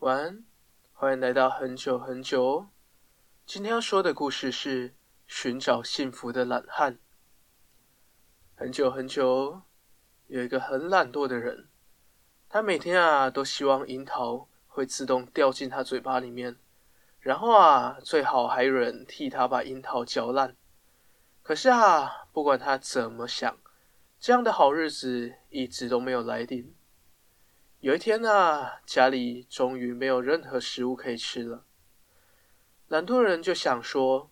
晚安，歡迎來到很久很久。今天要說的故事是《尋找幸福的懶漢》。很久很久，有一個很懶惰的人，他每天啊都希望櫻桃會自動掉進他嘴巴裡面，然後啊最好還有人替他把櫻桃嚼爛。可是啊，不管他怎麼想，這樣的好日子一直都沒有來臨。有一天啊，家裡終於沒有任何食物可以吃了。懶惰的人就想說，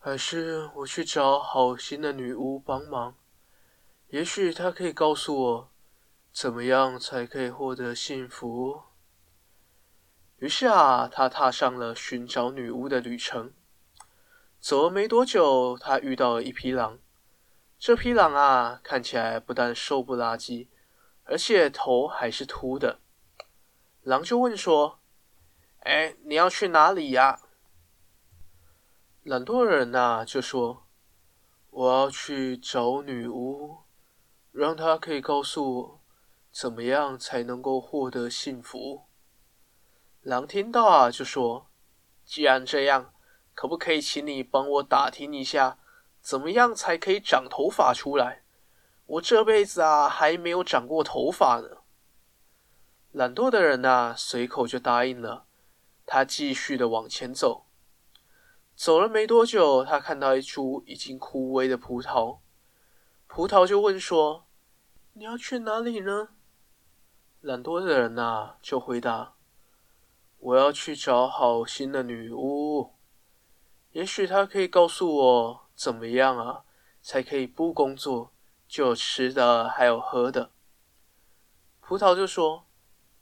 還是我去找好心的女巫幫忙，也許她可以告訴我怎麼樣才可以獲得幸福。於是啊，她踏上了尋找女巫的旅程。走了沒多久，她遇到了一匹狼。這匹狼啊，看起來不但瘦不拉幾。而且頭還是禿的，狼就問說：“哎，你要去哪裡呀？”懶惰人吶，就說：“我要去找女巫，讓她可以告訴我怎麼樣才能夠獲得幸福。”狼聽到啊就說：“既然這樣，可不可以請你幫我打聽一下，怎麼樣才可以長頭髮出來？”我這輩子啊，還沒有長過頭髮呢。懶惰的人吶、啊，隨口就答應了。他繼續的往前走，走了沒多久，他看到一株已經枯萎的葡萄。葡萄就問說：“你要去哪裡呢？”懶惰的人啊，就回答：“我要去找好心的女巫，也許她可以告訴我怎麼樣啊，才可以不工作。”就有吃的，還有喝的。葡萄就說：“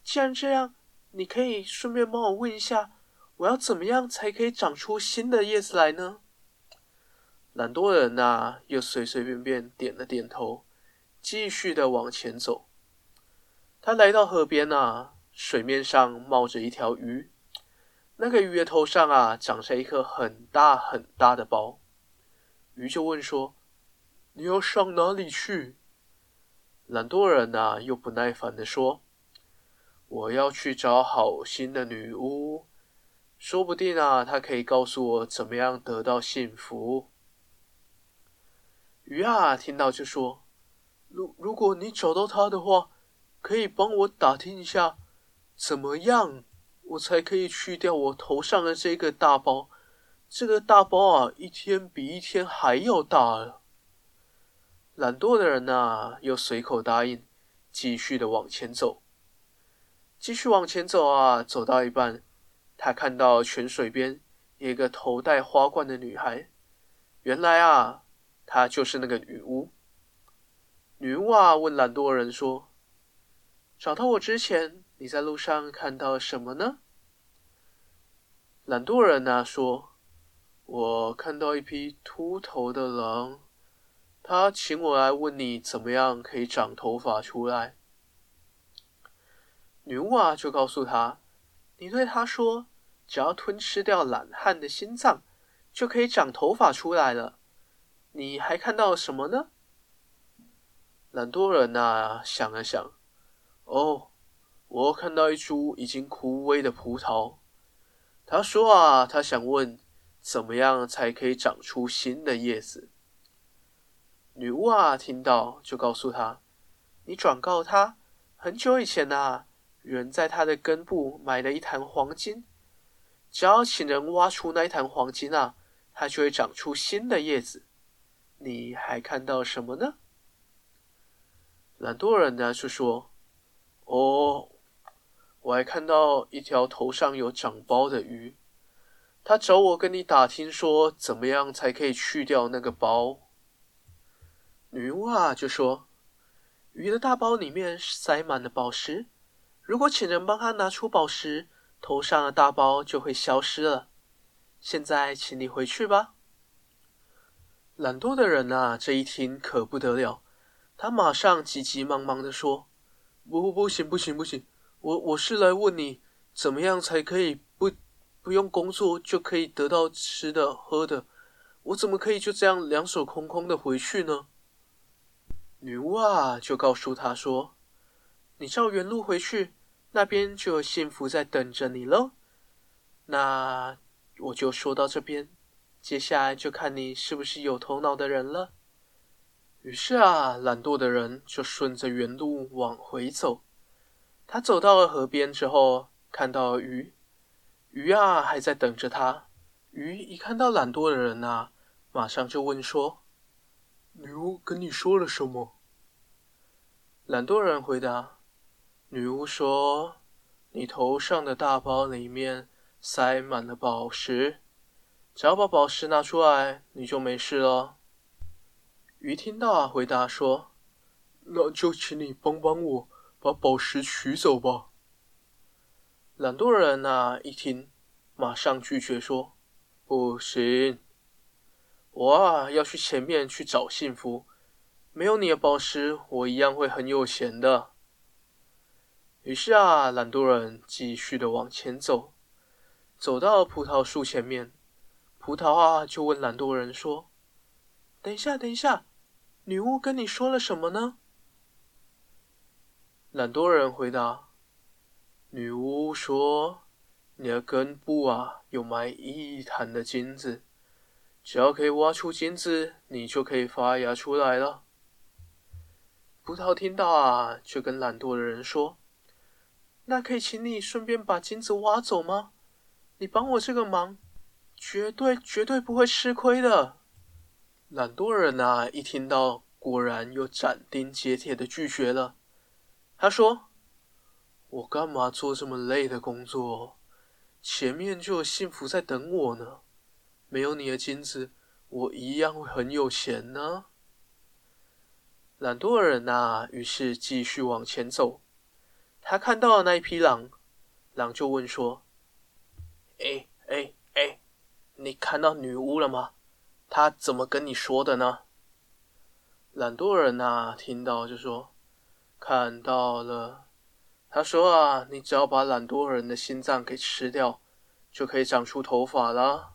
既然這樣，你可以順便幫我問一下，我要怎麼樣才可以長出新的葉子來呢？”懶惰的人吶、啊，又隨隨便便點了點頭，繼續的往前走。他來到河邊吶、啊，水面上冒着一條魚，那個魚的頭上啊，長着一顆很大很大的包。魚就問說：你要上哪裡去？懶惰人啊，又不耐煩地說：“我要去找好心的女巫，說不定啊，她可以告訴我怎麼樣得到幸福。”魚啊，聽到就說：“如如果你找到她的話，可以幫我打聽一下，怎麼樣我才可以去掉我頭上的這個大包？這個大包啊，一天比一天還要大了。”懶惰的人呢、啊，又隨口答應，繼續的往前走。繼續往前走啊，走到一半，他看到泉水邊有一個頭戴花冠的女孩。原來啊，她就是那個女巫。女巫啊，問懶惰人說：“找到我之前，你在路上看到了什麼呢？”懶惰人呢、啊、說：“我看到一匹禿頭的狼。”他請我來問你怎麼樣可以長頭髮出來。女巫啊，就告訴他：“你對他說，只要吞吃掉懶漢的心臟，就可以長頭髮出來了。”你還看到了什麼呢？懶惰人啊，想了想：“哦，我看到一株已經枯萎的葡萄。”他說啊，他想問怎麼樣才可以長出新的葉子。女巫啊，聽到就告訴他：“你轉告他，很久以前啊，人在他的根部埋了一壇黃金，只要請人挖出那一壇黃金啊，它就會長出新的葉子。你還看到什麼呢？”懶惰人呢就說：“哦，我還看到一條頭上有長包的魚，他找我跟你打聽說，怎麼樣才可以去掉那個包？”女巫啊，就說：“魚的大包裡面塞滿了寶石，如果請人幫她拿出寶石，頭上的大包就會消失了。現在，請你回去吧。”懶惰的人啊，這一聽可不得了，他馬上急急忙忙地說：“不不，不行，不行，不行！我我是來問你，怎麼樣才可以不不用工作就可以得到吃的喝的？我怎麼可以就這樣兩手空空的回去呢？”女巫啊，就告訴他說：“你照原路回去，那邊就有幸福在等着你嘍。”那我就說到這邊，接下來就看你是不是有頭腦的人了。於是啊，懶惰的人就順着原路往回走。他走到了河邊之後，看到了魚，魚啊還在等着他。魚一看到懶惰的人啊，馬上就問說：“女巫跟你說了什麼？”懶惰人回答：“女巫說，你頭上的大包裡面塞滿了寶石，只要把寶石拿出來，你就沒事了。”魚聽到啊，回答說：“那就請你幫幫我，把寶石取走吧。”懶惰人啊，一聽，馬上拒絕說：“不行，我啊要去前面去找幸福。”沒有你的寶石，我一樣會很有錢的。於是啊，懶惰人繼續的往前走，走到葡萄樹前面，葡萄啊就問懶惰人說：“等一下，等一下，女巫跟你說了什麼呢？”懶惰人回答：“女巫說，你的根部啊有埋一壇的金子，只要可以挖出金子，你就可以發芽出來了。”葡萄聽到啊，卻跟懶惰的人說：“那可以請你順便把金子挖走嗎？你幫我這個忙，絕對絕對不會吃虧的。”懶惰人啊，一聽到果然又斬釘截鐵地拒絕了。他說：“我幹嘛做這麼累的工作？前面就有幸福在等我呢。沒有你的金子，我一樣會很有錢呢、啊。”懶惰人吶、啊，於是繼續往前走。他看到了那一匹狼，狼就問說：“哎哎哎，你看到女巫了嗎？她怎麼跟你說的呢？”懶惰人吶、啊，聽到就說：“看到了。”他說啊：“你只要把懶惰人的心臟給吃掉，就可以長出頭髮啦。”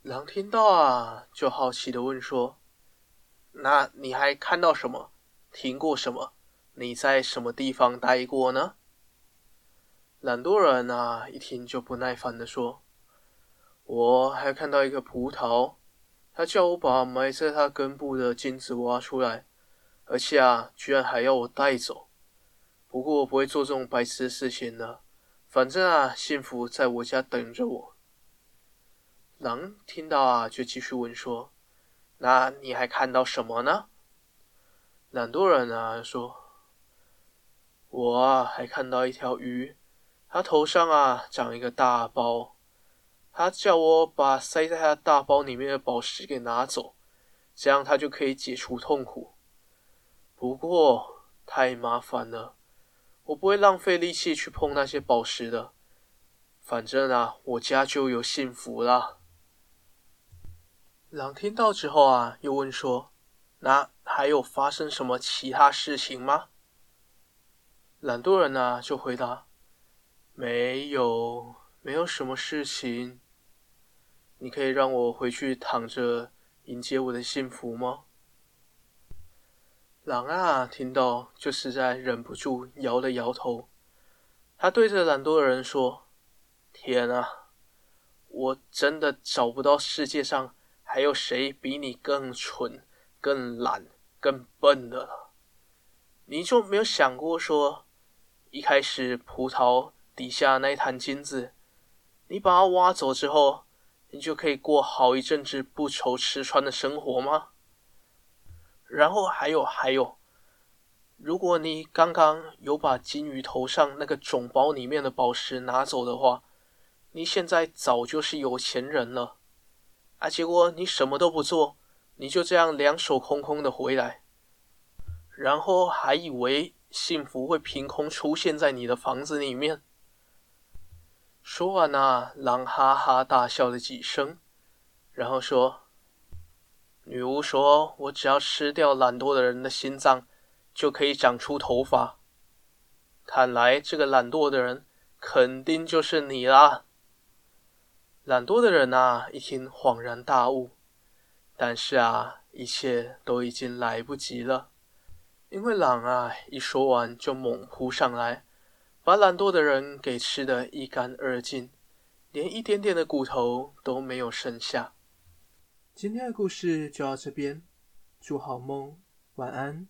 狼聽到啊，就好奇地問說。那你還看到什麼？聽過什麼？你在什麼地方待過呢？懶惰人啊，一聽就不耐煩的說：“我還看到一個葡萄，他叫我把埋在他根部的金子挖出來，而且啊，居然還要我帶走。不過我不會做這種白痴的事情呢。反正啊，幸福在我家等着我。”狼聽到啊，就繼續問說。那你還看到什麼呢？懶惰人呢、啊、說：“我啊，還看到一條魚，它頭上啊長一個大包，它叫我把塞在它大包裡面的寶石給拿走，這樣它就可以解除痛苦。不過太麻煩了，我不會浪費力氣去碰那些寶石的。反正啊，我家就有幸福了。”狼聽到之後啊，又問說：“那還有發生什麼其他事情嗎？”懶惰人呢、啊、就回答：“沒有，沒有什麼事情。你可以讓我回去躺着迎接我的幸福嗎？”狼啊，聽到就實在忍不住搖了搖頭。他對着懶惰的人說：“天啊，我真的找不到世界上。”還有誰比你更蠢、更懶、更笨的了？你就沒有想過說，一開始葡萄底下那一罈金子，你把它挖走之後，你就可以過好一陣子不愁吃穿的生活嗎？然後還有還有，如果你剛剛有把金魚頭上那個腫包裡面的寶石拿走的話，你現在早就是有錢人了。啊！結果你什麼都不做，你就這樣兩手空空的回來，然後還以為幸福會憑空出現在你的房子裡面。說完啊，狼哈哈大笑了幾聲，然後說：“女巫說我只要吃掉懶惰的人的心臟，就可以長出頭髮。看來這個懶惰的人肯定就是你啦。”懶惰的人啊，一聽恍然大悟，但是啊，一切都已經來不及了，因為狼啊一說完就猛撲上來，把懶惰的人給吃得一乾二淨，連一點點的骨頭都沒有剩下。今天的故事就到這邊，祝好夢，晚安。